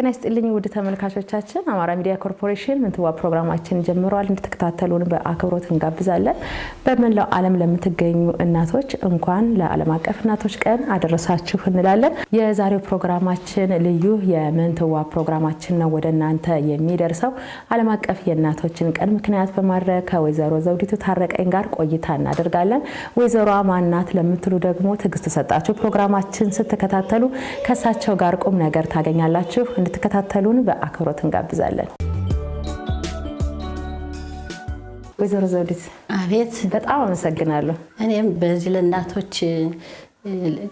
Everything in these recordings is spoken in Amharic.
ጤና ይስጥልኝ ውድ ተመልካቾቻችን፣ አማራ ሚዲያ ኮርፖሬሽን ምንትዋብ ፕሮግራማችን ጀምረዋል። እንድትከታተሉን በአክብሮት እንጋብዛለን። በመላው ዓለም ለምትገኙ እናቶች እንኳን ለዓለም አቀፍ እናቶች ቀን አደረሳችሁ እንላለን። የዛሬው ፕሮግራማችን ልዩ የምንትዋብ ፕሮግራማችን ነው ወደ እናንተ የሚደርሰው። ዓለም አቀፍ የእናቶችን ቀን ምክንያት በማድረግ ከወይዘሮ ዘውዲቱ ታረቀኝ ጋር ቆይታ እናደርጋለን። ወይዘሮዋ ማናት ለምትሉ ደግሞ ትዕግስት ሰጣችሁ ፕሮግራማችን ስትከታተሉ ከእሳቸው ጋር ቁም ነገር ታገኛላችሁ። እንድትከታተሉን በአክብሮት እንጋብዛለን። ወይዘሮ ዘውዲት አቤት፣ በጣም አመሰግናለሁ። እኔም በዚህ ለእናቶች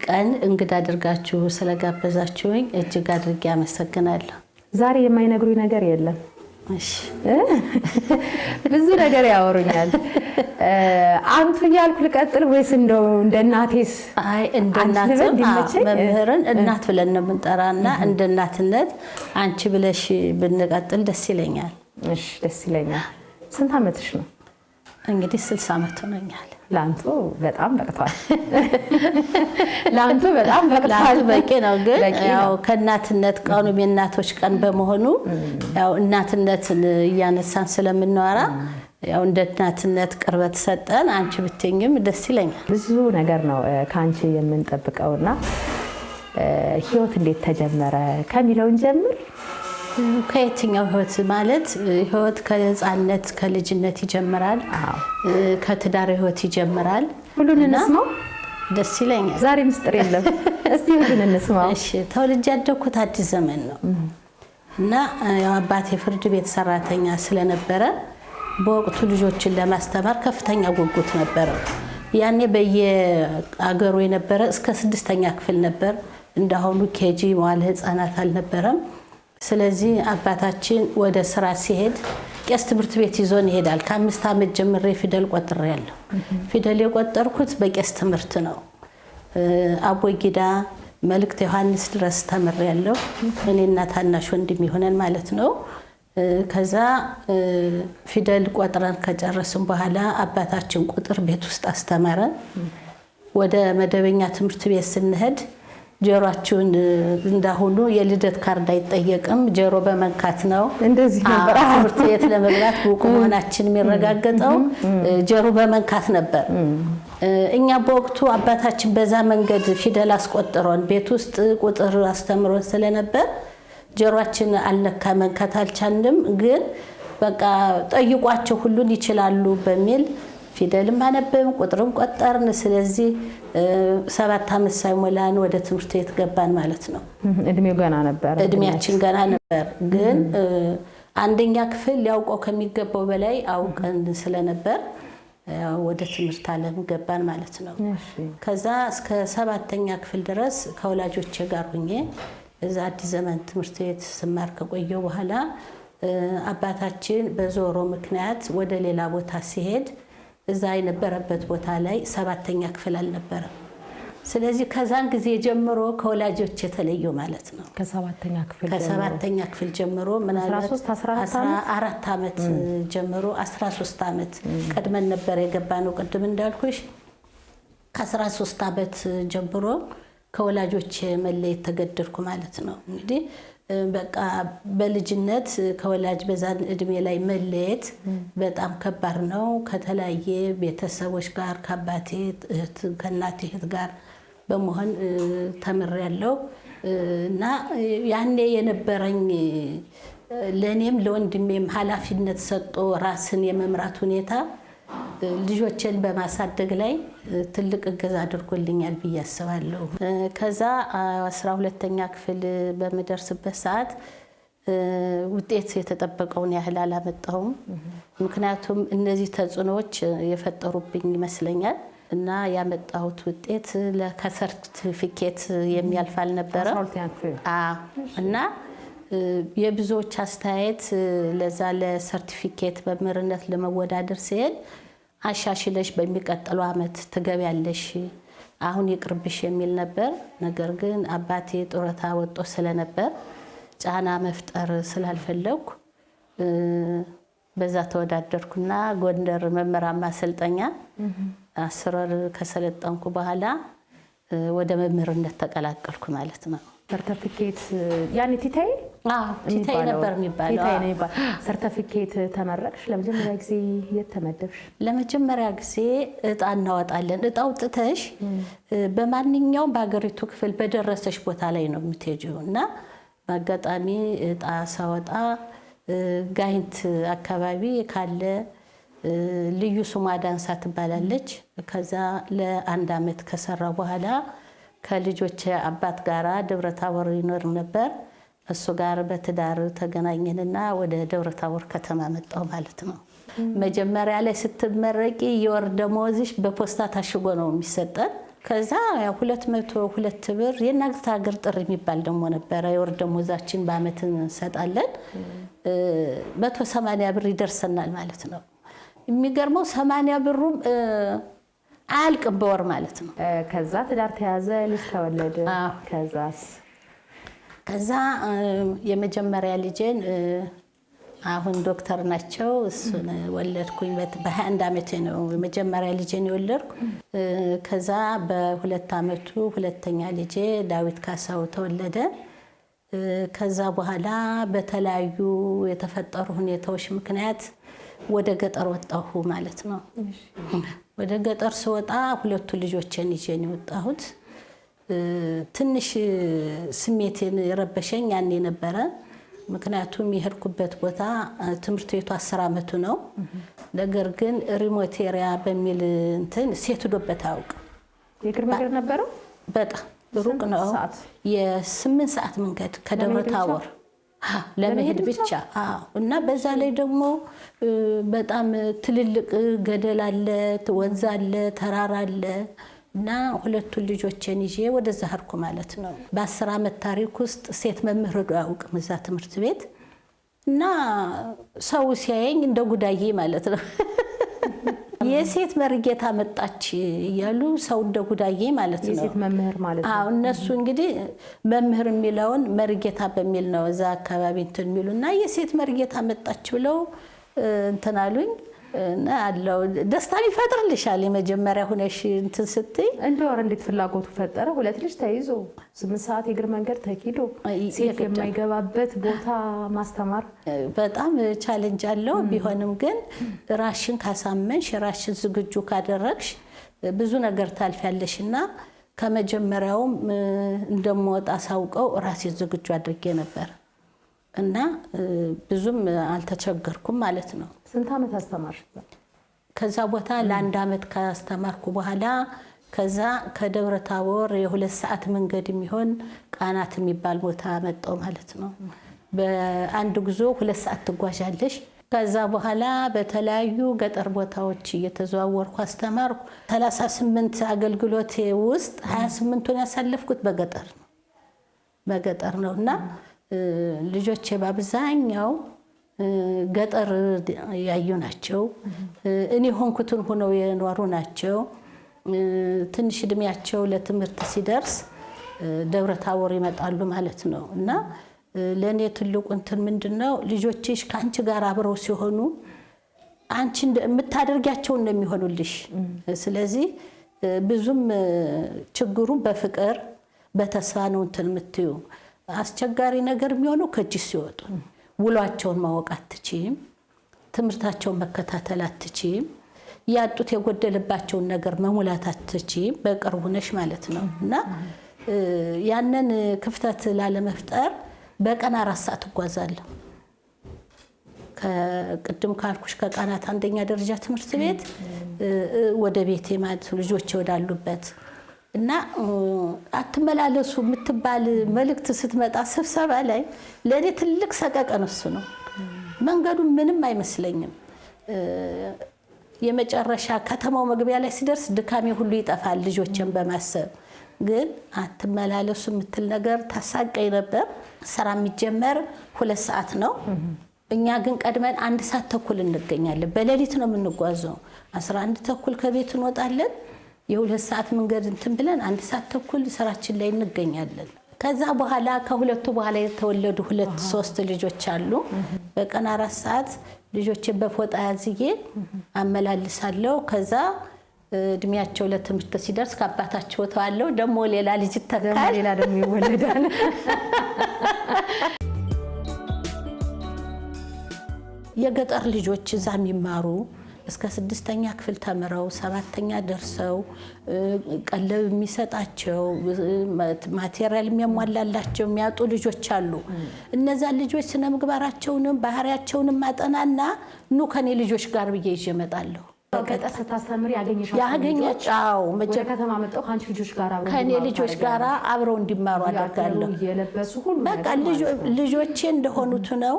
ቀን እንግዳ አድርጋችሁ ስለጋበዛችሁኝ እጅግ አድርጌ አመሰግናለሁ። ዛሬ የማይነግሩኝ ነገር የለም። ብዙ ነገር ያወሩኛል። አንቱ እያልኩ ልቀጥል ወይስ እንደው እንደ እናቴስ? አይ እንደ እናትም መምህርን እናት ብለን ነው የምንጠራና እንደ እናትነት አንቺ ብለሽ ብንቀጥል ደስ ይለኛል። እሺ ደስ ይለኛል። ስንት አመትሽ ነው? እንግዲህ ስልሳ ዓመት ሆነኛል። ላንቱ በጣም በቅቷል። ላንቱ በጣም በቅቷል። በቂ ነው ግን ያው ከእናትነት ቀኑ የእናቶች ቀን በመሆኑ ያው እናትነትን እያነሳን ስለምናወራ ያው እንደ እናትነት ቅርበት ሰጠን። አንቺ ብትኝም ደስ ይለኛል። ብዙ ነገር ነው ከአንቺ የምንጠብቀውና ህይወት እንዴት ተጀመረ ከሚለውን ጀምር ከየትኛው ህይወት ማለት ህይወት ከህፃነት ከልጅነት ይጀምራል። ከትዳር ህይወት ይጀምራል። ሁሉን እንስማው፣ ደስ ይለኛል። ዛሬ ምስጢር የለም። እስቲ ሁሉን እንስማው። እሺ፣ ተወልጄ አዲስ ዘመን ነው እና አባቴ ፍርድ ቤት ሰራተኛ ስለነበረ በወቅቱ ልጆችን ለማስተማር ከፍተኛ ጉጉት ነበረው። ያኔ በየአገሩ የነበረ እስከ ስድስተኛ ክፍል ነበር። እንዳሁኑ ኬጂ መዋለ ህፃናት አልነበረም። ስለዚህ አባታችን ወደ ስራ ሲሄድ ቄስ ትምህርት ቤት ይዞን ይሄዳል። ከአምስት ዓመት ጀምሬ ፊደል ቆጥሬ ያለሁ። ፊደል የቆጠርኩት በቄስ ትምህርት ነው። አቦጊዳ መልእክት ዮሐንስ ድረስ ተምሬ ያለሁ እኔና ታናሽ ወንድም ይሆነን ማለት ነው። ከዛ ፊደል ቆጥረን ከጨረስን በኋላ አባታችን ቁጥር ቤት ውስጥ አስተማረን። ወደ መደበኛ ትምህርት ቤት ስንሄድ ጆሮአችሁን እንዳሁኑ የልደት ካርድ አይጠየቅም። ጆሮ በመንካት ነው እንደዚህ ነበር ትምህርት ቤት ለመግባት ብቁ መሆናችን የሚረጋገጠው ጆሮ በመንካት ነበር። እኛ በወቅቱ አባታችን በዛ መንገድ ፊደል አስቆጥሮን ቤት ውስጥ ቁጥር አስተምሮን ስለነበር ጆሮአችን አልነካ መንካት አልቻንም። ግን በቃ ጠይቋቸው ሁሉን ይችላሉ በሚል ፊደልም አነበብን፣ ቁጥርም ቆጠርን። ስለዚህ ሰባት ዓመት ሳይሞላን ወደ ትምህርት ቤት ገባን ማለት ነው። እድሜው ገና ነበር፣ እድሜያችን ገና ነበር። ግን አንደኛ ክፍል ሊያውቀው ከሚገባው በላይ አውቀን ስለነበር ወደ ትምህርት ዓለም ገባን ማለት ነው። ከዛ እስከ ሰባተኛ ክፍል ድረስ ከወላጆቼ ጋር ሁኜ እዛ አዲስ ዘመን ትምህርት ቤት ስማር ከቆየው በኋላ አባታችን በዞሮ ምክንያት ወደ ሌላ ቦታ ሲሄድ እዛ የነበረበት ቦታ ላይ ሰባተኛ ክፍል አልነበረም። ስለዚህ ከዛን ጊዜ ጀምሮ ከወላጆች የተለየው ማለት ነው። ከሰባተኛ ክፍል ጀምሮ ምናልባት አራት ዓመት ጀምሮ 13 ዓመት ቀድመን ነበር የገባ ነው። ቅድም እንዳልኩሽ ከ13 ዓመት ጀምሮ ከወላጆች መለየት ተገደድኩ ማለት ነው እንግዲህ በቃ በልጅነት ከወላጅ በዛን እድሜ ላይ መለየት በጣም ከባድ ነው። ከተለያየ ቤተሰቦች ጋር ከአባቴ እህት ከእናቴ እህት ጋር በመሆን ተምሬያለሁ እና ያኔ የነበረኝ ለእኔም ለወንድሜም ኃላፊነት ሰጦ ራስን የመምራት ሁኔታ ልጆችን በማሳደግ ላይ ትልቅ እገዛ አድርጎልኛል ብዬ አስባለሁ። ከዛ አስራ ሁለተኛ ክፍል በምደርስበት ሰዓት ውጤት የተጠበቀውን ያህል አላመጣሁም። ምክንያቱም እነዚህ ተጽዕኖዎች የፈጠሩብኝ ይመስለኛል እና ያመጣሁት ውጤት ከሰርቲፊኬት የሚያልፍ አልነበረ እና የብዙዎች አስተያየት ለዛ ለሰርቲፊኬት በመምህርነት ለመወዳደር ሲሄድ አሻሽለሽ በሚቀጥለው ዓመት ትገቢያለሽ አሁን ይቅርብሽ የሚል ነበር። ነገር ግን አባቴ ጡረታ ወጦ ስለነበር ጫና መፍጠር ስላልፈለግኩ በዛ ተወዳደርኩና ጎንደር መምህራን ማሰልጠኛ አስር ወር ከሰለጠንኩ በኋላ ወደ መምህርነት ተቀላቀልኩ ማለት ነው። ሰርተፊኬት ያኔ ቲታይ ቲታይ ነበር የሚባለው ሰርተፊኬት ተመረቅሽ። ለመጀመሪያ ጊዜ የት ተመደብሽ? ለመጀመሪያ ጊዜ እጣ እናወጣለን። እጣ አውጥተሽ በማንኛውም በሀገሪቱ ክፍል በደረሰሽ ቦታ ላይ ነው የምትሄጂው እና በአጋጣሚ እጣ ሳወጣ ጋይንት አካባቢ ካለ ልዩ ሱማ ዳንሳ ትባላለች። ከዛ ለአንድ አመት ከሰራ በኋላ ከልጆች አባት ጋር ደብረ ታቦር ይኖር ነበር። እሱ ጋር በትዳር ተገናኘንና ወደ ደብረ ታቦር ከተማ መጣሁ ማለት ነው። መጀመሪያ ላይ ስትመረቂ የወር ደመወዝሽ በፖስታ ታሽጎ ነው የሚሰጠን። ከዛ ሁለት መቶ ሁለት ብር የእናት ሀገር ጥሪ የሚባል ደግሞ ነበረ። የወር ደመወዛችን በአመት እንሰጣለን። መቶ ሰማንያ ብር ይደርሰናል ማለት ነው። የሚገርመው ሰማንያ ብሩም አያልቅም በወር ማለት ነው። ከዛ ትዳር ተያዘ፣ ልጅ ተወለደ። ከዛስ? ከዛ የመጀመሪያ ልጄን አሁን ዶክተር ናቸው። እሱን ወለድኩኝ። በ በ21 ዓመቴ ነው የመጀመሪያ ልጄን የወለድኩ። ከዛ በሁለት ዓመቱ ሁለተኛ ልጄ ዳዊት ካሳው ተወለደ። ከዛ በኋላ በተለያዩ የተፈጠሩ ሁኔታዎች ምክንያት ወደ ገጠር ወጣሁ ማለት ነው። ወደ ገጠር ስወጣ ሁለቱ ልጆችን ይዤን ወጣሁት። ትንሽ ስሜቴን የረበሸኝ ያኔ ነበረ። ምክንያቱም የሄድኩበት ቦታ ትምህርት ቤቱ አስር ዓመቱ ነው። ነገር ግን ሪሞት ኤሪያ በሚል እንትን ሴት ዶበት አያውቅም። የእግር መንገድ ነበረው። በጣም ሩቅ ነው። የስምንት ሰዓት መንገድ ከደብረ ታቦር ለመሄድ ብቻ እና በዛ ላይ ደግሞ በጣም ትልልቅ ገደል አለ፣ ወንዝ አለ፣ ተራራ አለ እና ሁለቱን ልጆችን ይዤ ወደዛ ሄድኩ ማለት ነው። በአስር ዓመት ታሪክ ውስጥ ሴት መምህር ዶ አያውቅም እዛ ትምህርት ቤት እና ሰው ሲያየኝ እንደ ጉዳዬ ማለት ነው የሴት መርጌታ መጣች እያሉ ሰው እንደ ጉዳዬ ማለት ነው። መምህር ማለት ነው። እነሱ እንግዲህ መምህር የሚለውን መርጌታ በሚል ነው እዛ አካባቢ እንትን የሚሉ እና የሴት መርጌታ መጣች ብለው እንትን አሉኝ። አለው ደስታም ይፈጥርልሻል። የመጀመሪያ ሁነሽ እንትን ስትይ እንደ ወር እንዴት ፍላጎቱ ፈጠረ። ሁለት ልጅ ተይዞ ስምንት ሰዓት የእግር መንገድ ተኪዶ ሴት የማይገባበት ቦታ ማስተማር በጣም ቻለንጅ አለው። ቢሆንም ግን ራሽን ካሳመንሽ፣ ራሽን ዝግጁ ካደረግሽ ብዙ ነገር ታልፊያለሽ እና ከመጀመሪያውም እንደምወጣ ሳውቀው ራሴ ዝግጁ አድርጌ ነበር እና ብዙም አልተቸገርኩም ማለት ነው። ስንት ዓመት አስተማርሽ? ከዛ ቦታ ለአንድ ዓመት ካስተማርኩ በኋላ ከዛ ከደብረ ታቦር የሁለት ሰዓት መንገድ የሚሆን ቃናት የሚባል ቦታ መጣው ማለት ነው። በአንድ ጉዞ ሁለት ሰዓት ትጓዣለሽ። ከዛ በኋላ በተለያዩ ገጠር ቦታዎች እየተዘዋወርኩ አስተማርኩ። 38 አገልግሎት ውስጥ 28ቱን ያሳለፍኩት በገጠር ነው በገጠር ነው እና ልጆቼ በአብዛኛው ገጠር ያዩ ናቸው። እኔ ሆንኩትን ሆነው የኖሩ ናቸው። ትንሽ እድሜያቸው ለትምህርት ሲደርስ ደብረ ታቦር ይመጣሉ ማለት ነው እና ለእኔ ትልቁ እንትን ምንድን ነው ልጆችሽ ከአንቺ ጋር አብረው ሲሆኑ አንቺ የምታደርጊያቸው እንደሚሆኑልሽ። የሚሆኑልሽ። ስለዚህ ብዙም ችግሩን በፍቅር በተስፋ ነው እንትን የምትዩ አስቸጋሪ ነገር የሚሆነው ከእጅ ሲወጡ ውሏቸውን ማወቅ አትችም፣ ትምህርታቸውን መከታተል አትችም፣ ያጡት የጎደለባቸውን ነገር መሙላት አትችም በቅርቡ ነሽ ማለት ነው እና ያንን ክፍተት ላለመፍጠር በቀን አራት ሰዓት እጓዛለሁ። ከቅድም ካልኩሽ ከቃናት አንደኛ ደረጃ ትምህርት ቤት ወደ ቤቴ ማለት ልጆች ወዳሉበት እና አትመላለሱ የምትባል መልእክት ስትመጣ ስብሰባ ላይ ለእኔ ትልቅ ሰቀቀን እሱ ነው። መንገዱ ምንም አይመስለኝም። የመጨረሻ ከተማው መግቢያ ላይ ሲደርስ ድካሜ ሁሉ ይጠፋል ልጆችን በማሰብ ግን አትመላለሱ የምትል ነገር ታሳቀኝ ነበር። ስራ የሚጀመር ሁለት ሰዓት ነው። እኛ ግን ቀድመን አንድ ሰዓት ተኩል እንገኛለን። በሌሊት ነው የምንጓዘው። አስራ አንድ ተኩል ከቤት እንወጣለን። የሁለት ሰዓት መንገድ እንትን ብለን አንድ ሰዓት ተኩል ስራችን ላይ እንገኛለን። ከዛ በኋላ ከሁለቱ በኋላ የተወለዱ ሁለት ሶስት ልጆች አሉ። በቀን አራት ሰዓት ልጆችን በፎጣ ያዝዬ አመላልሳለሁ። ከዛ እድሜያቸው ለትምህርት ሲደርስ ከአባታቸው ተዋለው ደግሞ ሌላ ልጅ ይተካል። ሌላ ደግሞ ይወለዳል። የገጠር ልጆች እዛ የሚማሩ እስከ ስድስተኛ ክፍል ተምረው ሰባተኛ ደርሰው ቀለብ የሚሰጣቸው ማቴሪያል የሚያሟላላቸው የሚያጡ ልጆች አሉ። እነዛ ልጆች ስነ ምግባራቸውንም ባህሪያቸውንም ማጠናና ኑ ከኔ ልጆች ጋር ብዬ ይዤ እመጣለሁ። ገጠር ስታስተምር ያገኘሻቸው ከተማ መጣሁ ከአንቺ ልጆች ጋር ከእኔ ልጆች ጋር አብረው እንዲማሩ አደርጋለሁ። በቃ ልጆቼ እንደሆኑት ነው።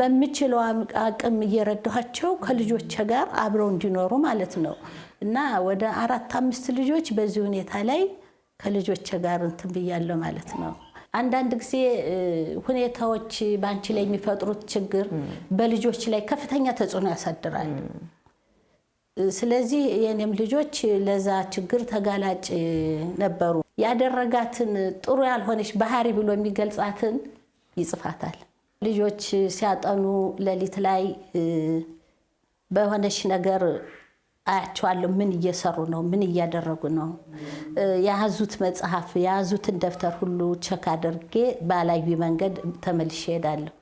በምችለው አቅም እየረዳኋቸው ከልጆቼ ጋር አብረው እንዲኖሩ ማለት ነው እና ወደ አራት አምስት ልጆች በዚህ ሁኔታ ላይ ከልጆቼ ጋር እንትን ብያለሁ ማለት ነው። አንዳንድ ጊዜ ሁኔታዎች በአንቺ ላይ የሚፈጥሩት ችግር በልጆች ላይ ከፍተኛ ተጽዕኖ ያሳድራል። ስለዚህ የኔም ልጆች ለዛ ችግር ተጋላጭ ነበሩ። ያደረጋትን ጥሩ ያልሆነች ባህሪ ብሎ የሚገልጻትን ይጽፋታል። ልጆች ሲያጠኑ ሌሊት ላይ በሆነች ነገር አያቸዋለሁ። ምን እየሰሩ ነው? ምን እያደረጉ ነው? የያዙት መጽሐፍ የያዙትን ደብተር ሁሉ ቸክ አድርጌ ባላዩ መንገድ ተመልሼ እሄዳለሁ።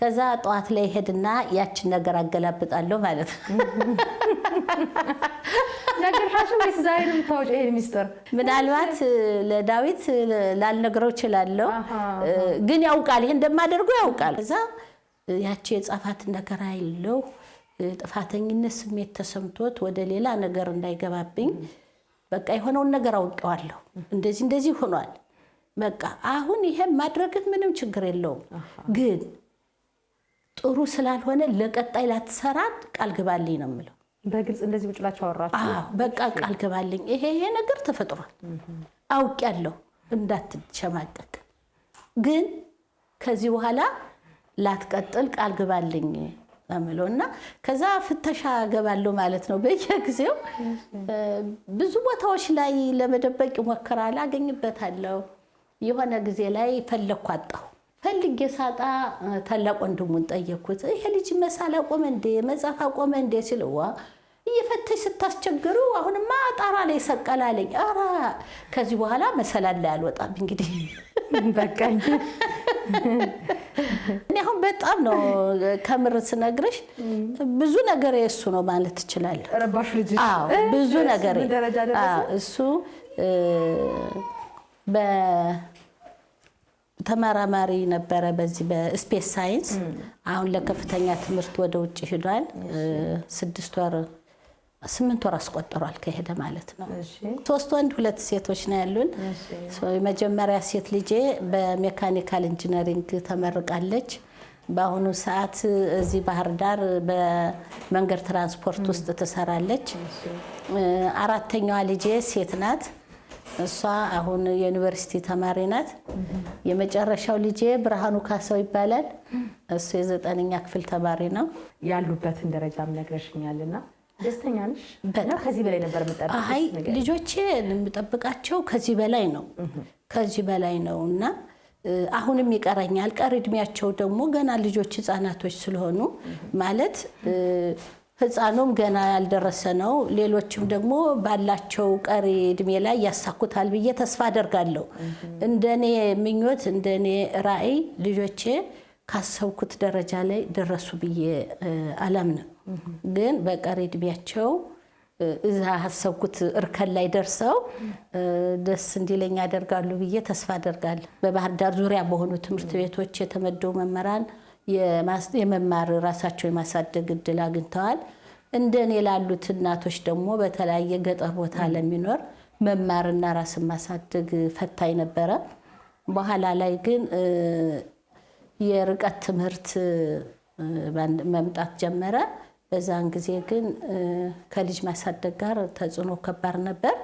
ከዛ ጠዋት ላይ ሄድና ያችን ነገር አገላብጣለሁ ማለት ነው። ምናልባት ለዳዊት ላልነግረው እችላለሁ፣ ግን ያውቃል፣ ይሄ እንደማደርገው ያውቃል። ከዛ ያቺ የጻፋት ነገር አይለው ጥፋተኝነት ስሜት ተሰምቶት ወደ ሌላ ነገር እንዳይገባብኝ በቃ የሆነውን ነገር አውቀዋለሁ። እንደዚህ እንደዚህ ሆኗል። በቃ አሁን ይሄን ማድረግህ ምንም ችግር የለውም ግን ጥሩ ስላልሆነ ለቀጣይ ላትሰራ ቃል ግባልኝ ነው የምለው። በግልጽ እንደዚህ ውጭ ላቸው አወራችሁ። በቃ ቃል ግባልኝ፣ ይሄ ይሄ ነገር ተፈጥሯል፣ አውቄያለሁ፣ እንዳትሸማቀቅ ግን ከዚህ በኋላ ላትቀጥል ቃል ግባልኝ ምለው እና ከዛ ፍተሻ ገባለሁ ማለት ነው። በየጊዜው ብዙ ቦታዎች ላይ ለመደበቅ ይሞክራል፣ አገኝበታለሁ። የሆነ ጊዜ ላይ ፈለግኩ አጣሁ። ፈልጌ ሳጣ ታላቅ ወንድሙን ጠየኩት። ይሄ ልጅ መሳል አቆመ እንዴ መጻፍ አቆመ እንዴ ሲልዋ እየፈተሽ ስታስቸግሩ አሁንማ ጣራ ላይ ሰቀላለኝ። ኧረ ከዚህ በኋላ መሰላል ላይ አልወጣም እንግዲህ በቃኝ። እኔ አሁን በጣም ነው ከምር ስነግርሽ፣ ብዙ ነገር እሱ ነው ማለት ትችላለህ። ረባሽ ልጅ ብዙ ነገር እሱ ተመራማሪ ነበረ በዚህ በስፔስ ሳይንስ። አሁን ለከፍተኛ ትምህርት ወደ ውጭ ሂዷል ስድስት ወር ስምንት ወር አስቆጥሯል ከሄደ ማለት ነው። ሶስት ወንድ ሁለት ሴቶች ነው ያሉን። የመጀመሪያ ሴት ልጄ በሜካኒካል ኢንጂነሪንግ ተመርቃለች። በአሁኑ ሰዓት እዚህ ባህር ዳር በመንገድ ትራንስፖርት ውስጥ ትሰራለች። አራተኛዋ ልጄ ሴት ናት። እሷ አሁን የዩኒቨርሲቲ ተማሪ ናት። የመጨረሻው ልጄ ብርሃኑ ካሰው ይባላል። እሱ የዘጠነኛ ክፍል ተማሪ ነው። ያሉበትን ደረጃም ነግረሽኛልና ደስተኛ ነሽ? ከዚህ በላይ ነበር ልጆቼ የምጠብቃቸው ከዚህ በላይ ነው፣ ከዚህ በላይ ነው እና አሁንም ይቀረኛል። ቀር እድሜያቸው ደግሞ ገና ልጆች ህፃናቶች ስለሆኑ ማለት ህፃኑም ገና ያልደረሰ ነው። ሌሎችም ደግሞ ባላቸው ቀሪ እድሜ ላይ ያሳኩታል ብዬ ተስፋ አደርጋለሁ። እንደኔ ምኞት እንደኔ ራዕይ ልጆቼ ካሰብኩት ደረጃ ላይ ደረሱ ብዬ አላምንም። ግን በቀሪ እድሜያቸው እዛ ሀሰብኩት እርከን ላይ ደርሰው ደስ እንዲለኝ ያደርጋሉ ብዬ ተስፋ አደርጋለሁ። በባህር ዳር ዙሪያ በሆኑ ትምህርት ቤቶች የተመደቡ መምህራን የመማር ራሳቸው የማሳደግ እድል አግኝተዋል። እንደኔ ላሉት እናቶች ደግሞ በተለያየ ገጠር ቦታ ለሚኖር መማርና ራስን ማሳደግ ፈታኝ ነበረ። በኋላ ላይ ግን የርቀት ትምህርት መምጣት ጀመረ። በዛን ጊዜ ግን ከልጅ ማሳደግ ጋር ተጽዕኖ ከባድ ነበር።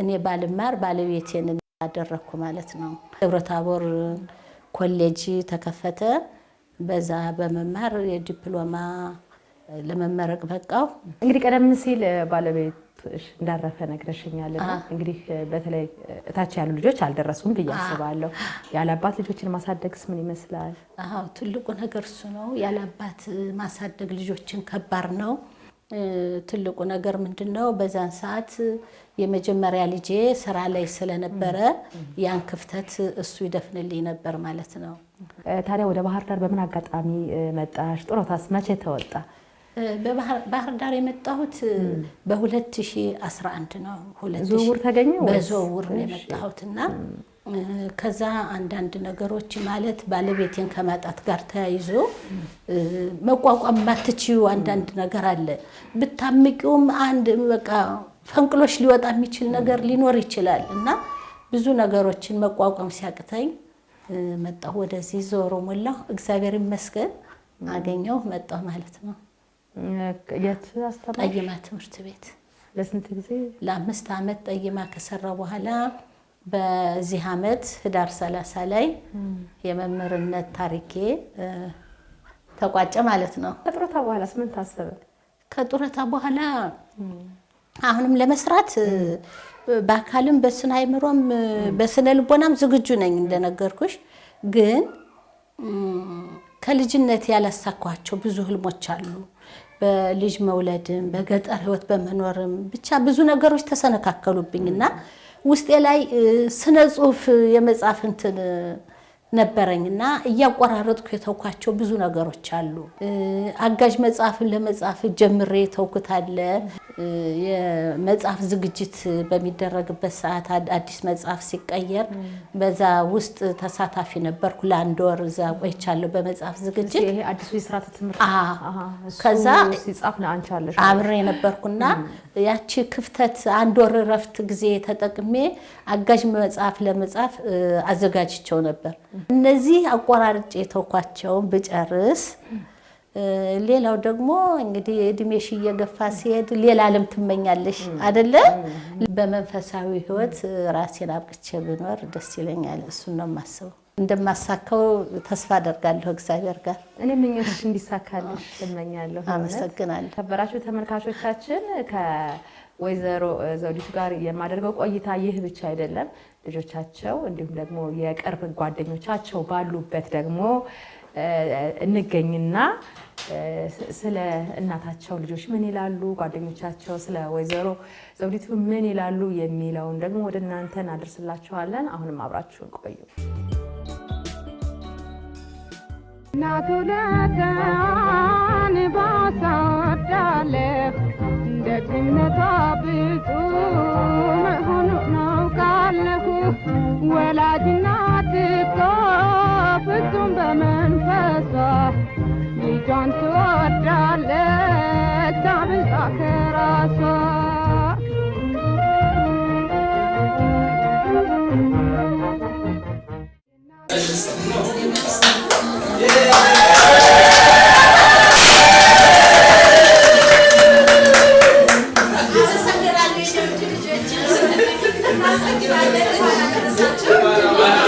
እኔ ባልማር ባለቤቴን አደረግኩ ማለት ነው። ህብረታቦር ኮሌጅ ተከፈተ። በዛ በመማር የዲፕሎማ ለመመረቅ በቃው። እንግዲህ ቀደም ሲል ባለቤትሽ እንዳረፈ ነግረሽኛል። እንግዲህ በተለይ እታች ያሉ ልጆች አልደረሱም ብዬ አስባለሁ። ያለ አባት ልጆችን ማሳደግስ ምን ይመስላል? አዎ ትልቁ ነገር እሱ ነው። ያለ አባት ማሳደግ ልጆችን ከባድ ነው። ትልቁ ነገር ምንድን ነው? በዛን ሰዓት የመጀመሪያ ልጄ ስራ ላይ ስለነበረ ያን ክፍተት እሱ ይደፍንልኝ ነበር ማለት ነው። ታዲያ ወደ ባህር ዳር በምን አጋጣሚ መጣሽ? ጡረታስ መቼ ተወጣ? ባህር ዳር የመጣሁት በ2011 ነው። ዝውውር ተገኘ? በዝውውር ነው የመጣሁትና ከዛ አንዳንድ ነገሮች ማለት ባለቤቴን ከማጣት ጋር ተያይዞ መቋቋም ማትችው አንዳንድ ነገር አለ። ብታምቂውም አንድ በቃ ፈንቅሎሽ ሊወጣ የሚችል ነገር ሊኖር ይችላል እና ብዙ ነገሮችን መቋቋም ሲያቅተኝ መጣሁ ወደዚህ ዞሮ ሞላሁ። እግዚአብሔር ይመስገን አገኘሁ መጣሁ ማለት ነው። ጠይማ ትምህርት ቤት ለስንት ጊዜ? ለአምስት ዓመት ጠይማ ከሰራ በኋላ በዚህ ዓመት ህዳር ሰላሳ ላይ የመምህርነት ታሪኬ ተቋጨ ማለት ነው። ከጡረታ በኋላ ምን ታሰበ? ከጡረታ በኋላ አሁንም ለመስራት በአካልም በስነ አይምሮም በስነ ልቦናም ዝግጁ ነኝ እንደነገርኩሽ። ግን ከልጅነት ያላሳኳቸው ብዙ ህልሞች አሉ። በልጅ መውለድም በገጠር ህይወት በመኖርም ብቻ ብዙ ነገሮች ተሰነካከሉብኝ እና። ውስጤ ላይ ስነ ጽሁፍ የመጻፍ እንትን ነበረኝ እና እያቆራረጥኩ የተውኳቸው ብዙ ነገሮች አሉ። አጋዥ መጽሐፍን ለመጻፍ ጀምሬ የተውኩት አለ። የመጽሐፍ ዝግጅት በሚደረግበት ሰዓት አዲስ መጽሐፍ ሲቀየር በዛ ውስጥ ተሳታፊ ነበርኩ። ለአንድ ወር እዛ ቆይቻለሁ በመጽሐፍ ዝግጅት። አዲሱ የስርዓተ ትምህርት ከዛ አብሬ ነበርኩና ያቺ ክፍተት አንድ ወር እረፍት ጊዜ ተጠቅሜ አጋዥ መጽሐፍ ለመጻፍ አዘጋጅቸው ነበር። እነዚህ አቆራርጬ ተውኳቸውን ብጨርስ ሌላው ደግሞ እንግዲህ እድሜሽ እየገፋ ሲሄድ ሌላ ዓለም ትመኛለሽ አደለ? በመንፈሳዊ ህይወት ራሴን አብቅቼ ብኖር ደስ ይለኛል። እሱን ነው የማስበው። እንደማሳካው ተስፋ አደርጋለሁ እግዚአብሔር ጋር። እኔ ምኞትሽ እንዲሳካልሽ እመኛለሁ። አመሰግናለሁ። ከበራችሁ ተመልካቾቻችን ከወይዘሮ ዘውዲቱ ጋር የማደርገው ቆይታ ይህ ብቻ አይደለም። ልጆቻቸው እንዲሁም ደግሞ የቅርብ ጓደኞቻቸው ባሉበት ደግሞ እንገኝና ስለ እናታቸው ልጆች ምን ይላሉ፣ ጓደኞቻቸው ስለ ወይዘሮ ዘውዲቱ ምን ይላሉ የሚለውን ደግሞ ወደ እናንተ እናደርስላችኋለን። አሁንም አብራችሁን ቆዩ። እናቱ ለዳን ባሳወዳለፍ እንደ መሆኑ ነው ወላጅና ሁለቱም በመንፈሷ ልጇን ትወዳለች አብልጣ ከራሷ Thank you.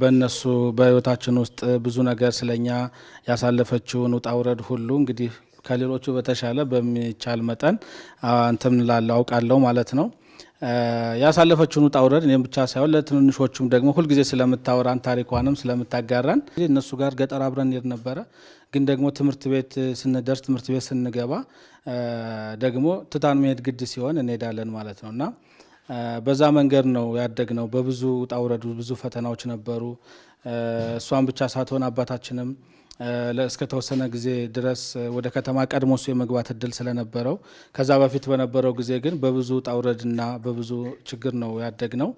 በእነሱ በህይወታችን ውስጥ ብዙ ነገር ስለኛ ያሳለፈችውን ውጣ ውረድ ሁሉ እንግዲህ ከሌሎቹ በተሻለ በሚቻል መጠን እንትን ላለው አውቃለሁ ማለት ነው። ያሳለፈችውን ውጣ ውረድ እኔም ብቻ ሳይሆን ለትንንሾቹም ደግሞ ሁልጊዜ ስለምታወራን ታሪኳንም ስለምታጋራን እነሱ ጋር ገጠር አብረን ሄድ ነበረ። ግን ደግሞ ትምህርት ቤት ስንደርስ ትምህርት ቤት ስንገባ ደግሞ ትታን መሄድ ግድ ሲሆን እንሄዳለን ማለት ነው እና በዛ መንገድ ነው ያደግ ነው በብዙ ጣውረዱ ብዙ ፈተናዎች ነበሩ። እሷን ብቻ ሳትሆን አባታችንም እስከ ተወሰነ ጊዜ ድረስ ወደ ከተማ ቀድሞ እሱ የመግባት እድል ስለነበረው ከዛ በፊት በነበረው ጊዜ ግን በብዙ ጣውረድና ውረድና በብዙ ችግር ነው ያደግ ነው።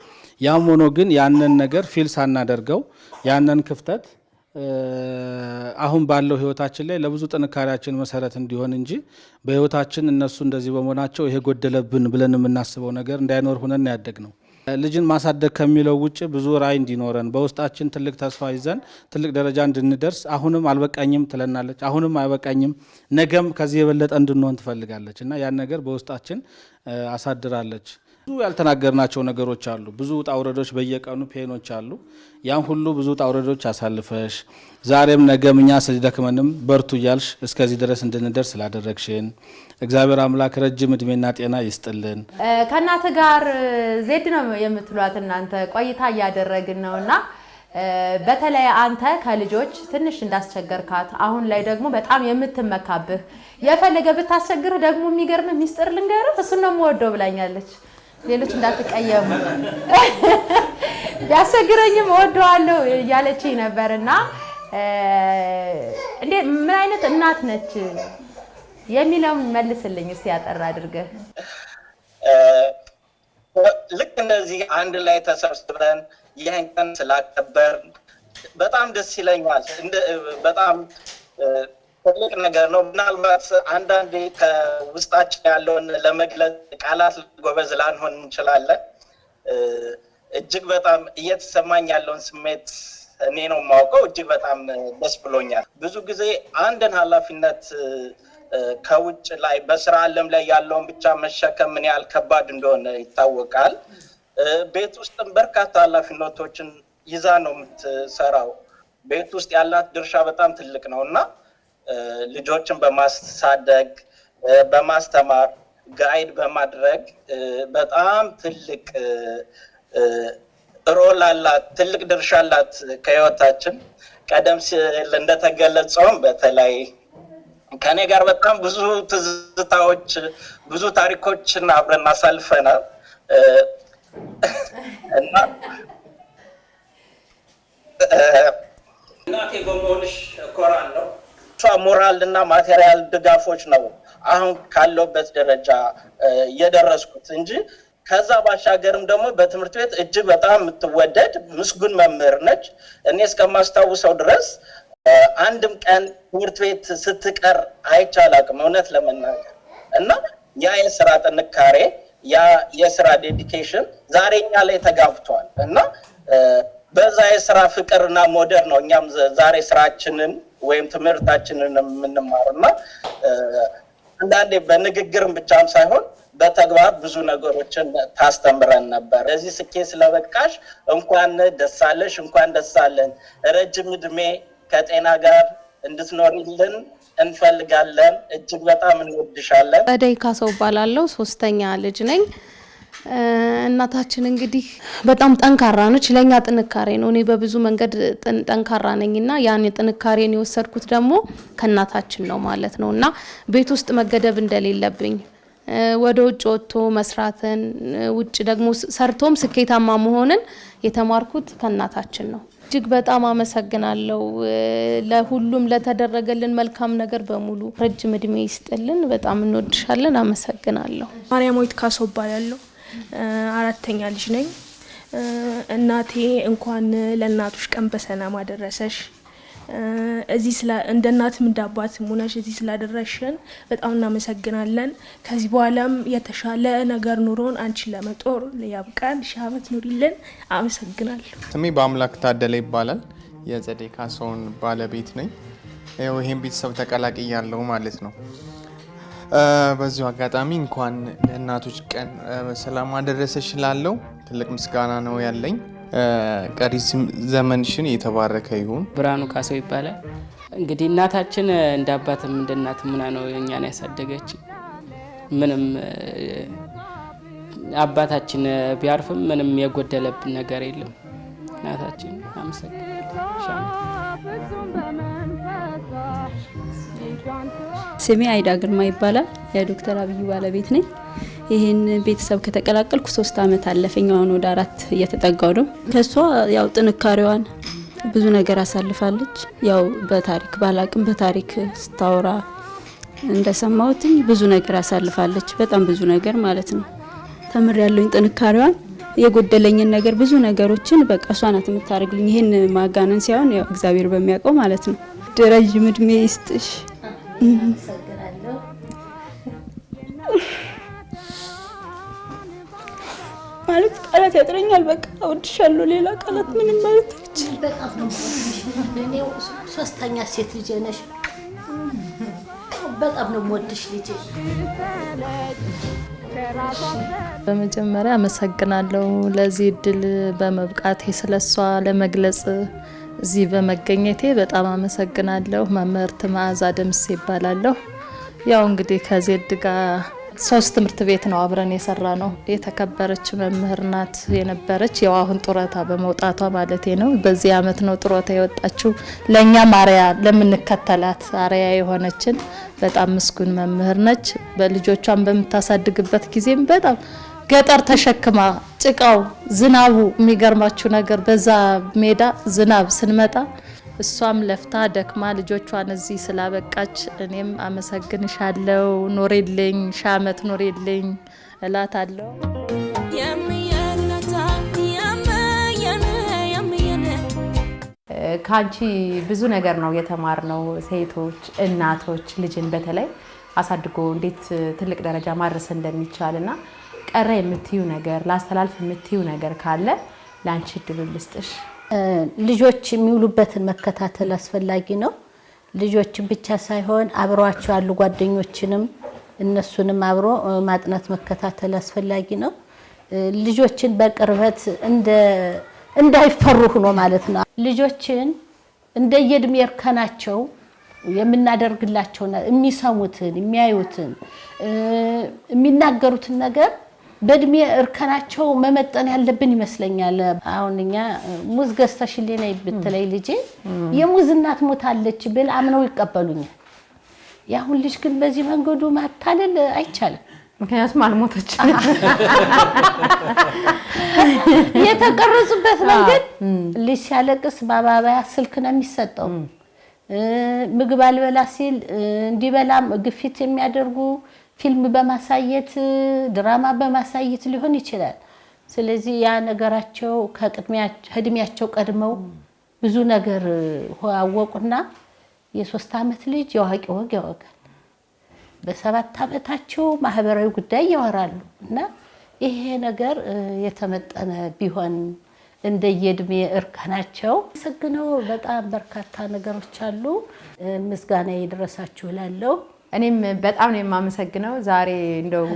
ያም ሆኖ ግን ያንን ነገር ፊል ሳናደርገው ያንን ክፍተት አሁን ባለው ህይወታችን ላይ ለብዙ ጥንካሬያችን መሰረት እንዲሆን እንጂ በህይወታችን እነሱ እንደዚህ በመሆናቸው ይሄ ጎደለብን ብለን የምናስበው ነገር እንዳይኖር ሁነን ያደግ ነው። ልጅን ማሳደግ ከሚለው ውጭ ብዙ ራዕይ እንዲኖረን በውስጣችን ትልቅ ተስፋ ይዘን ትልቅ ደረጃ እንድንደርስ አሁንም አልበቃኝም ትለናለች፣ አሁንም አይበቃኝም፣ ነገም ከዚህ የበለጠ እንድንሆን ትፈልጋለች እና ያን ነገር በውስጣችን አሳድራለች። ብዙ ያልተናገርናቸው ነገሮች አሉ። ብዙ ውጣ ውረዶች በየቀኑ ፔኖች አሉ። ያን ሁሉ ብዙ ውጣ ውረዶች አሳልፈሽ ዛሬም ነገም እኛ ስደክመንም በርቱ እያልሽ እስከዚህ ድረስ እንድንደርስ ስላደረግሽን እግዚአብሔር አምላክ ረጅም እድሜና ጤና ይስጥልን። ከእናት ጋር ዜድ ነው የምትሏት እናንተ ቆይታ እያደረግን ነው እና በተለይ አንተ ከልጆች ትንሽ እንዳስቸገርካት አሁን ላይ ደግሞ በጣም የምትመካብህ የፈለገ ብታስቸግርህ ደግሞ የሚገርም ሚስጥር ልንገርህ እሱን ነው የምወደው ብላኛለች። ሌሎች እንዳትቀየሙ ቢያስቸግረኝም እወደዋለሁ እያለችኝ ነበር እና እንዴ ምን አይነት እናት ነች የሚለውን መልስልኝ እስቲ ያጠራ አድርገህ። ልክ እንደዚህ አንድ ላይ ተሰብስበን ይህን ቀን ስላከበር በጣም ደስ ይለኛል። በጣም ትልቅ ነገር ነው። ምናልባት አንዳንዴ ከውስጣችን ያለውን ለመግለጽ ቃላት ጎበዝ ላንሆን እንችላለን። እጅግ በጣም እየተሰማኝ ያለውን ስሜት እኔ ነው የማውቀው። እጅግ በጣም ደስ ብሎኛል። ብዙ ጊዜ አንድን ኃላፊነት ከውጭ ላይ በስራ ዓለም ላይ ያለውን ብቻ መሸከም ምን ያህል ከባድ እንደሆነ ይታወቃል። ቤት ውስጥም በርካታ ኃላፊነቶችን ይዛ ነው የምትሰራው። ቤት ውስጥ ያላት ድርሻ በጣም ትልቅ ነው እና ልጆችን በማሳደግ በማስተማር ጋይድ በማድረግ በጣም ትልቅ ሮል አላት፣ ትልቅ ድርሻ አላት ከህይወታችን። ቀደም ሲል እንደተገለጸውም በተለይ ከእኔ ጋር በጣም ብዙ ትዝታዎች፣ ብዙ ታሪኮችን አብረን አሳልፈናል እና እናቴ በመሆንሽ እኮራለሁ። ሞራል እና ማቴሪያል ድጋፎች ነው አሁን ካለውበት ደረጃ የደረስኩት እንጂ ከዛ ባሻገርም ደግሞ በትምህርት ቤት እጅግ በጣም የምትወደድ ምስጉን መምህር ነች። እኔ እስከማስታውሰው ድረስ አንድም ቀን ትምህርት ቤት ስትቀር አይቻላቅም እውነት ለመናገር እና ያ የስራ ጥንካሬ ያ የስራ ዴዲኬሽን ዛሬኛ ላይ ተጋብቷል እና በዛ የስራ ፍቅርና ሞደር ነው እኛም ዛሬ ስራችንን ወይም ትምህርታችንን የምንማር እና አንዳንዴ በንግግርም ብቻም ሳይሆን በተግባር ብዙ ነገሮችን ታስተምረን ነበር። እዚህ ስኬት ስለበቃሽ እንኳን ደሳለሽ እንኳን ደሳለን ረጅም እድሜ ከጤና ጋር እንድትኖርልን እንፈልጋለን። እጅግ በጣም እንወድሻለን። ጸደይ ካሰው እባላለሁ። ሶስተኛ ልጅ ነኝ። እናታችን እንግዲህ በጣም ጠንካራ ነች፣ ለእኛ ጥንካሬ ነው። እኔ በብዙ መንገድ ጠንካራ ነኝ እና ያን ጥንካሬን የወሰድኩት ደግሞ ከእናታችን ነው ማለት ነው እና ቤት ውስጥ መገደብ እንደሌለብኝ ወደ ውጭ ወጥቶ መስራትን ውጭ ደግሞ ሰርቶም ስኬታማ መሆንን የተማርኩት ከእናታችን ነው። እጅግ በጣም አመሰግናለሁ ለሁሉም ለተደረገልን መልካም ነገር በሙሉ ረጅም እድሜ ይስጥልን። በጣም እንወድሻለን። አመሰግናለሁ። ማርያም ወይት ካሶ እባላለሁ። አራተኛ ልጅ ነኝ። እናቴ እንኳን ለእናቶች ቀን በሰላም አደረሰሽ እዚህ እንደ እናትም እንደ አባትም ሆነሽ እዚህ ስላደረሽን በጣም እናመሰግናለን። ከዚህ በኋላም የተሻለ ነገር ኑሮን አንቺን ለመጦር ያብቃን። ሺህ ዓመት ኑሪልን። አመሰግናለሁ። ስሜ በአምላክ ታደለ ይባላል። የጸደይ ካሳሁን ባለቤት ነኝ። ይህም ቤተሰብ ተቀላቅያለሁ ማለት ነው። በዚሁ አጋጣሚ እንኳን ለእናቶች ቀን በሰላም አደረሰሽ ላለው ትልቅ ምስጋና ነው ያለኝ። ቀሪ ዘመንሽን የተባረከ ይሁን። ብርሃኑ ካሰው ይባላል። እንግዲህ እናታችን እንደ አባትም እንደ እናትም ምና ነው እኛን ያሳደገች። ምንም አባታችን ቢያርፍም ምንም የጎደለብን ነገር የለም። እናታችን አመሰግናለሁ። ስሜ አይዳ ግርማ ይባላል። የዶክተር አብይ ባለቤት ነኝ። ይህን ቤተሰብ ከተቀላቀልኩ ሶስት አመት አለፈኝ። አሁን ወደ አራት እየተጠጋው ነው። ከእሷ ያው ጥንካሬዋን ብዙ ነገር አሳልፋለች። ያው በታሪክ ባላቅም በታሪክ ስታወራ እንደሰማሁትኝ ብዙ ነገር አሳልፋለች። በጣም ብዙ ነገር ማለት ነው። ተምር ያለኝ ጥንካሬዋን የጎደለኝን ነገር ብዙ ነገሮችን በቃ እሷ ናት የምታደርግልኝ። ይህን ማጋነን ሳይሆን ያው እግዚአብሔር በሚያውቀው ማለት ነው። ረዥም እድሜ ይስጥሽ። ማለት ቃላት ያጥረኛል። በቃ እወድሻለሁ። ሌላ ቃላት ምንም ማለት አልችልም። ሶስተኛ ሴት ልጅ ነሽ። በጣም ነው የምወድሽ ልጄ። በመጀመሪያ አመሰግናለሁ ለዚህ እድል በመብቃቴ ስለሷ ለመግለጽ እዚህ በመገኘቴ በጣም አመሰግናለሁ። መምህርት መዓዛ ደምስ ይባላለሁ። ያው እንግዲህ ከዜድ ጋር ሶስት ትምህርት ቤት ነው አብረን የሰራ ነው። የተከበረች መምህር ናት የነበረች ያው አሁን ጡረታ በመውጣቷ ማለት ነው። በዚህ አመት ነው ጡረታ የወጣችው። ለእኛም አርያ ለምንከተላት አርያ የሆነችን በጣም ምስጉን መምህር ነች። በልጆቿን በምታሳድግበት ጊዜም በጣም ገጠር ተሸክማ ጭቃው፣ ዝናቡ የሚገርማችሁ ነገር በዛ ሜዳ ዝናብ ስንመጣ እሷም ለፍታ ደክማ ልጆቿን እዚህ ስላበቃች እኔም አመሰግንሻለው፣ ኖሬልኝ፣ ሺህ ዓመት ኖሬልኝ አለው። ከአንቺ ብዙ ነገር ነው የተማርነው። ሴቶች እናቶች ልጅን በተለይ አሳድጎ እንዴት ትልቅ ደረጃ ማድረስ እንደሚቻል እና ቀረ የምትዩ ነገር ላስተላልፍ የምትዩ ነገር ካለ ለአንቺ እድሉን ልስጥሽ። ልጆች የሚውሉበትን መከታተል አስፈላጊ ነው። ልጆችን ብቻ ሳይሆን አብረዋቸው ያሉ ጓደኞችንም እነሱንም አብሮ ማጥናት መከታተል አስፈላጊ ነው። ልጆችን በቅርበት እንዳይፈሩ ሆኖ ማለት ነው። ልጆችን እንደየእድሜ እርከናቸው የምናደርግላቸውና የሚሰሙትን የሚያዩትን የሚናገሩትን ነገር በእድሜ እርከናቸው መመጠን ያለብን ይመስለኛል። አሁን እኛ ሙዝ ገዝተሽልኝ ነይ ብትለኝ ልጄ የሙዝ እናት ሞታለች ብል አምነው ይቀበሉኛል። የአሁን ልጅ ግን በዚህ መንገዱ ማታለል አይቻልም። ምክንያቱም አልሞተች። የተቀረጹበት መንገድ ልጅ ሲያለቅስ በአባባያ ስልክ ነው የሚሰጠው። ምግብ አልበላ ሲል እንዲበላም ግፊት የሚያደርጉ ፊልም በማሳየት ድራማ በማሳየት ሊሆን ይችላል። ስለዚህ ያ ነገራቸው ከእድሜያቸው ቀድመው ብዙ ነገር አወቁና የሶስት ዓመት ልጅ የአዋቂ ወግ ያወጋል። በሰባት ዓመታቸው ማህበራዊ ጉዳይ ያወራሉ እና ይሄ ነገር የተመጠነ ቢሆን እንደየእድሜ እርከናቸው ሰግነው በጣም በርካታ ነገሮች አሉ። ምስጋና የደረሳችሁ እላለሁ። እኔም በጣም ነው የማመሰግነው። ዛሬ እንደው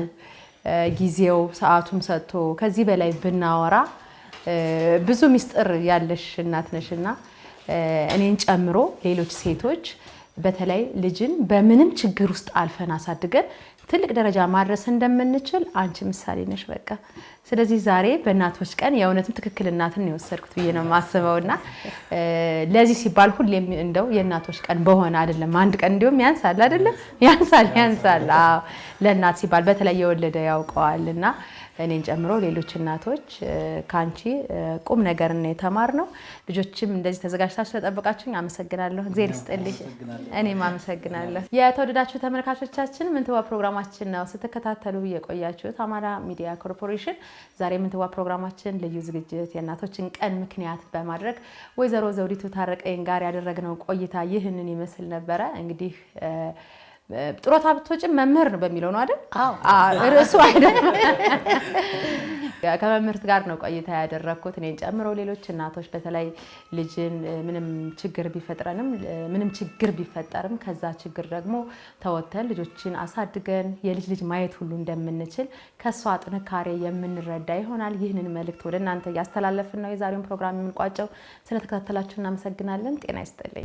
ጊዜው ሰዓቱም ሰጥቶ ከዚህ በላይ ብናወራ ብዙ ሚስጥር ያለሽ እናት ነሽና እኔን ጨምሮ ሌሎች ሴቶች በተለይ ልጅን በምንም ችግር ውስጥ አልፈን አሳድገን ትልቅ ደረጃ ማድረስ እንደምንችል አንቺ ምሳሌ ነሽ። በቃ ስለዚህ ዛሬ በእናቶች ቀን የእውነትም ትክክል እናትን የወሰድኩት ብዬ ነው የማስበው። እና ለዚህ ሲባል ሁሌም እንደው የእናቶች ቀን በሆነ አይደለም አንድ ቀን እንዲሁም ያንሳል አይደለም፣ ያንሳል ያንሳል። ለእናት ሲባል በተለይ የወለደ ያውቀዋል እና እኔን ጨምሮ ሌሎች እናቶች ከአንቺ ቁም ነገር ነው የተማርነው። ልጆችም እንደዚህ ተዘጋጅታችሁ ተጠብቃችሁኝ፣ አመሰግናለሁ። እግዜር ይስጥልሽ። እኔም አመሰግናለሁ። የተወደዳችሁ ተመልካቾቻችን ምንትዋ ፕሮግራማችን ነው ስትከታተሉ የቆያችሁት። አማራ ሚዲያ ኮርፖሬሽን ዛሬ ምንትዋ ፕሮግራማችን ልዩ ዝግጅት የእናቶችን ቀን ምክንያት በማድረግ ወይዘሮ ዘውዲቱ ታረቀኝ ጋር ያደረግነው ቆይታ ይህንን ይመስል ነበረ እንግዲህ ጡረታ ብትወጪም መምህር ነው በሚለው ነው አይደል? ርዕሱ አይደል? ከመምህርት ጋር ነው ቆይታ ያደረግኩት እኔን ጨምሮ ሌሎች እናቶች በተለይ ልጅን ምንም ችግር ቢፈጥረንም ምንም ችግር ቢፈጠርም ከዛ ችግር ደግሞ ተወተን ልጆችን አሳድገን የልጅ ልጅ ማየት ሁሉ እንደምንችል ከእሷ ጥንካሬ የምንረዳ ይሆናል። ይህንን መልእክት ወደ እናንተ እያስተላለፍን ነው የዛሬውን ፕሮግራም የምንቋጨው። ስለተከታተላችሁ እናመሰግናለን። ጤና ይስጥልኝ።